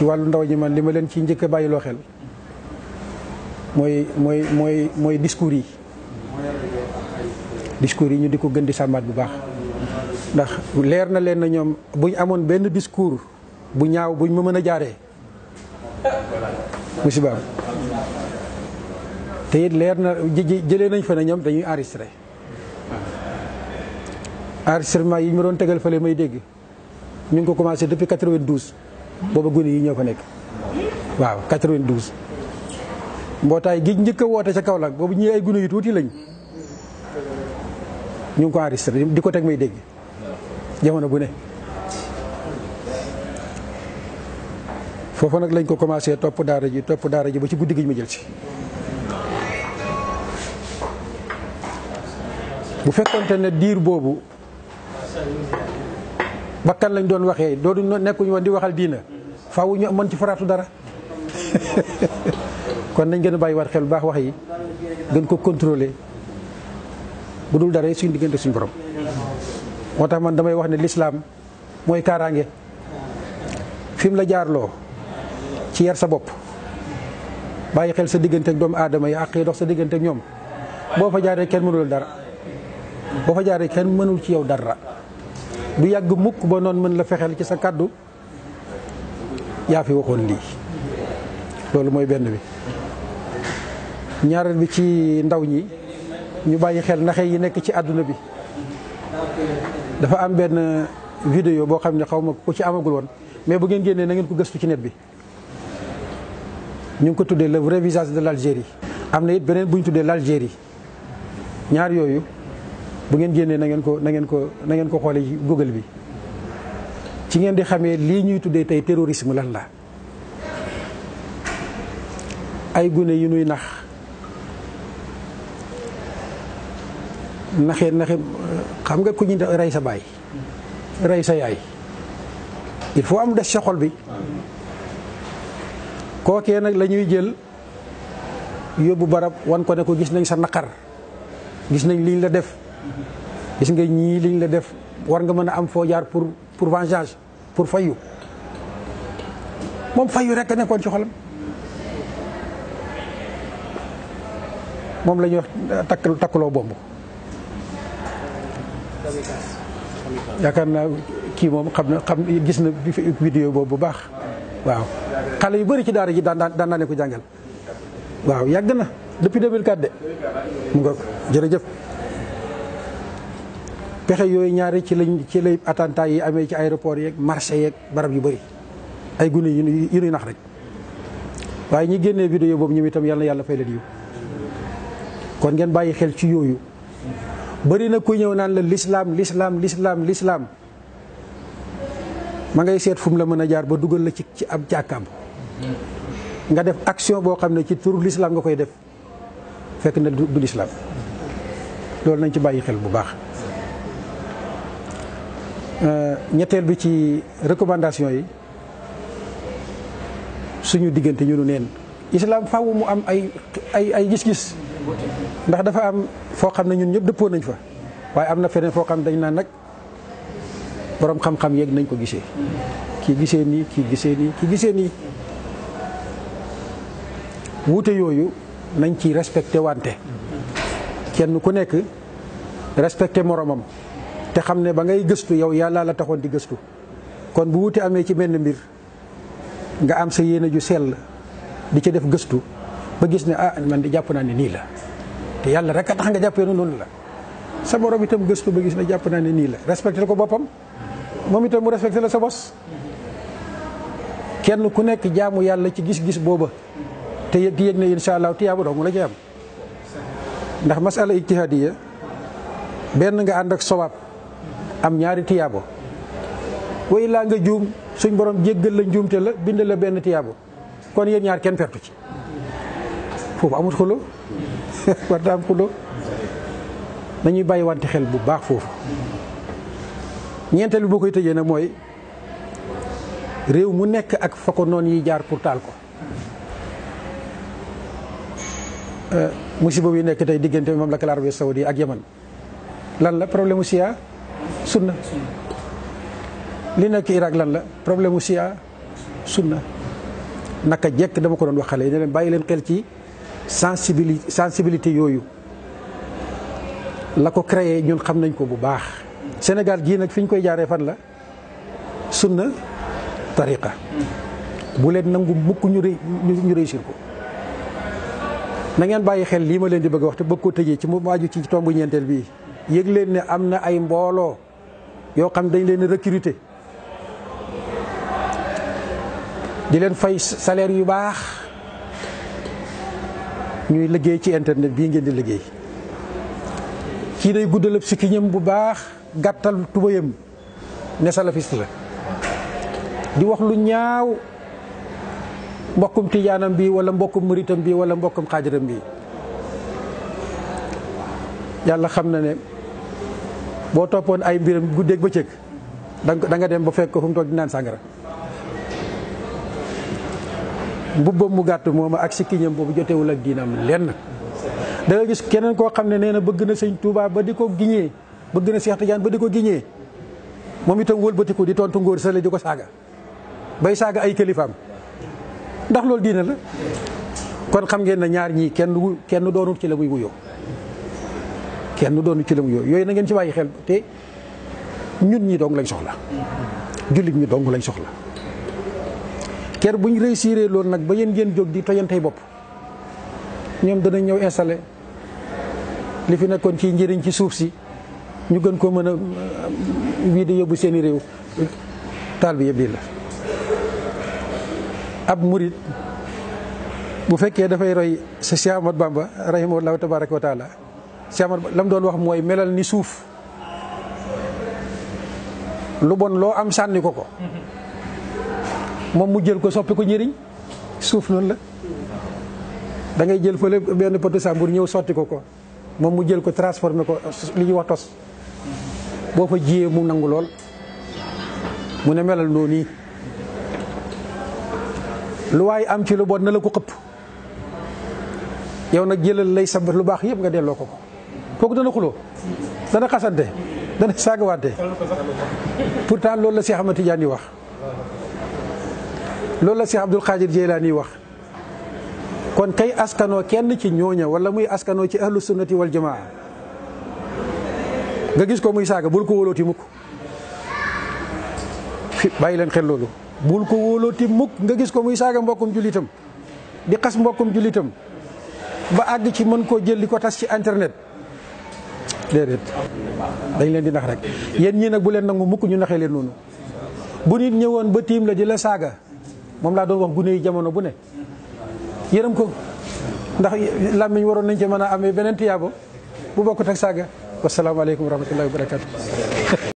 ci wàllu ndaw ñi man li ma leen ci njëkk a bàyyiloo xel mooy mooy mooy mooy discours yi discours yi ñu di ko gën di sàmmaat bu baax ndax leer na leen na ñoom buñ amoon benn discours bu ñaaw buñ ma mën a jaaree musibaam te it leer na jëlee nañ fa ne ñoom dañuy enregistré enregistrement yi ñu ma doon tegal fële may dégg ñu ngi ko commencé depuis 92 booba gune yi ñoo fa nekk waaw 92. mbootaay gi njëkk a woote ca Kaolack boobu ñii ay gune yu tuuti lañ ñu ngi ko enregistré di ko teg may dégg jamono bu ne. foofu nag lañ ko commencé topp daara ji topp daara ji ba ci guddi gi ma jël ci bu fekkonte ne diir boobu bakkan lañ doon waxee doodu nekkuñu woon di waxal diina fawu ñoo mën ci faraatu dara kon nañ gën a bàyyi waat xel bu baax wax yi gën ko contrôler bu dul dara suñ diggante suñ borom moo tax man damay wax ne lislaam mooy kaaraange fi mu la jaarloo ci yar sa bopp bàyyi xel sa diggante ak doomu aadama yi àq yi dox sa diggante ak ñoom boo fa jaaree kenn mënul dara boo fa jaaree kenn mënul ci yow dara lu yàgg mukk ba noonu mën la fexeel ci sa kàddu yaa fi waxoon lii loolu mooy benn bi ñaareel bi ci ndaw ñi ñu bàyyi xel naxe yi nekk ci àdduna bi dafa am benn vidéo boo xam ne xaw ma ku ci amagul woon mais bu ngeen génnee na ngeen ko gëstu ci net bi ñu ngi ko tuddee le vrai visage de l'Algérie am na it beneen bu ñu tuddee l'Algérie ñaar yooyu bu ngeen génnee na ngeen ko nangeen ko na ngeen ko xoolee ci Google bi ci ngeen di xamee lii ñuy tuddee tey terrorisme lan la ay gune yu nuy nax naxe naxe xam nga ku ñu rey sa baay rey sa yaay il faut am des sa xol bi kookee nag la ñuy jël yóbbu barab wan ko ne ko gis nañ sa naqar gis nañ liñ la def gis nga ñii liñ la def war nga mën a am foo jaar pour pour vengeance pour fayu moom fayu rek a nekkoon ci xolam moom lañuy ñuy wax takk takkaloo bomb yaakaar naa kii moom xam na xam gis na vidéo boobu bu baax waaw xale yu bari ci daara ji daan daan naa leen ko jàngal waaw yàgg na depuis de 2004 de mu nga jërëjëf pexe yooyu ñaari ci lañ ci lay attentat yi amee ci aéroport yeeg marché yeeg barab yu bëri ay gune yu ñuy nax rek waaye ñi génnee vidéo boobu ñoom itam yàlla na yàlla fay leen yiw kon ngeen bàyyi xel ci yooyu bari na ku ñëw naan la lislaam lislaam lislaam lislaam ma ngay seet fu la mën a jaar ba dugal la ci ci ab jàkkaam nga def action boo xam ne ci turu lislaam nga koy def fekk na du lislaam loolu nañ ci bàyyi xel bu baax Euh, ñetteel bi ci recommandation yi suñu diggante ñu neen islaam faaw mu am ay ay ay gis-gis ndax dafa am foo xam ne ñun ñëpp dëppoo nañ fa waaye am na feneen foo xam ne dañ naa nag borom xam-xam yeeg nañ ko gisee ki gisee nii kii gisee nii kii gisee nii wuute yooyu nañ ci respecté wante kenn ku nekk respecté moromam te xam ne ba ngay gëstu yow yàlla la taxoon di gëstu kon bu wuute amee ci benn mbir nga am sa yéene ju sell di ci def gëstu ba gis ne ah man di jàpp naa ne nii la te yàlla rek a tax nga jàppee noonu la sa borom itam gëstu ba gis ne jàpp naa ne nii la respecté ko boppam moom itam mu respecté la sa bos kenn ku nekk jaamu yàlla ci gis-gis booba te di yëg ne incha allah tiyaabu mu la ci am ndax masala ijtihaadiya benn nga ànd ak sowaab am ñaari tiyaabo way laa nga juum suñ borom jéggal la njuumte la bind la benn tiyaabo kon yéen ñaar kenn pertu ci foofu amut xulo warta am xulo nañuy bàyyi wante xel bu baax foofu ñeenteel bi boo koy tëjee nag mooy réew mu nekk ak fa ko noon yi jaar pour taal ko euh, musiba bi nekk tey diggante moom la Arabie Saoudi ak Yaman lan la problème mu sunna li nekk Irak lan la problème mu Chia sunna naka jekk dama ko doon wax xale yi ne leen bàyyi leen xel ci sensibilité sensibilité yooyu la ko créé ñun xam nañ ko bu baax. Sénégal gii nag fi ñu koy jaaree fan la sunna tariqa bu leen nangu mukk ñu ré ñu réussir ko. nangeen bàyyi xel lii ma leen di bëgg wax te bëgg koo tëjee ci mu aju ci tombu ñeenteel bii yéeg leen ne am na ay mbooloo. yoo xam ne dañ leen recruter di leen fay salaire yu baax ñuy liggéey ci internet bii ngeen di liggéey kii day guddalab sikiñam bu baax gàttal tubayam ne salafiste la di wax lu ñaaw mbokkum tiijaanam bi wala mbokkum muritam bi wala mbokkum xaajaram bi yàlla xam na ne boo toppoon ay mbiram guddeeg bëccëg da danga dem ba fekk ko fu toog di naan sàngara mbubbam mu gàtt moom ak sikkiñam boobu jotewul ak diinam lenn da nga gis keneen koo xam ne nee na bëgg na sëñ Touba ba di ko giñee bëgg na Cheikh Tidiane ba di ko giñee moom itam wëlbatiku di tontu ngóor sale di ko saaga bay saaga ay kilifaam ndax loolu diina la kon xam ngeen ne ñaar ñii kenn kenn doonut ci la muy wuyoo kenn doonu ci la mu yooyu yooyu na ngeen ci bàyyi xel te ñun ñi dong lañ soxla jullit ñi dong lañ soxla ker buñ réussir loolu nag ba yéen ngeen jóg di tojantey bopp ñoom dana ñëw installé li fi nekkoon ci njëriñ ci suuf si ñu gën koo mën a euh, wii di yóbbu seeni réew taal bi yëpp di la ab murit bu fekkee dafay roy sa Cheikh Ahmad Bamba rahimahullahu tabaraka wa taala Siamar la mu doon wax mooy melal ni suuf lu bon loo am sànni ko ko moom mu jël ko soppi ko njëriñ suuf noonu la da ngay jël fële benn potu sàmbur ñëw sotti ko ko moom mu jël ko transformé ko li ñuy wax tos boo fa jiyee mu nangu lool mu ne melal noonu nii lu waay am ci lu bon na la ko xëpp yow nag jëlal lay sa lu baax yëpp nga delloo ko kooku dana xuloo dana xasante dana saagawaate pourtant loolu la Cheikh Ahmad Tidiane wax loolu la Cheikh Abdul Qadir wax kon kay askanoo kenn ci ñooña wala muy askanoo ci ahlu sunnati wal jamaa nga gis ko muy saaga bul ko wóolooti mukk bàyyi leen xel loolu bul ko wóolooti mukk nga gis ko muy saaga mbokkum jullitam di xas mbokkum jullitam ba àgg ci mën koo jël di ko tas ci internet déedéet dañ leen di nax rek yéen ñii nag bu leen nangu mukk ñu naxee leen noonu bu nit ñëwoon ba tiim la di la saaga moom laa doon wax gune yi jamono bu ne yërëm ko ndax làmmiñ waroon nañ ci mën a amee beneen tiyaabo bu bokkut ak saaga wasalaamaaleykum wa rahmatullahi wa barakatu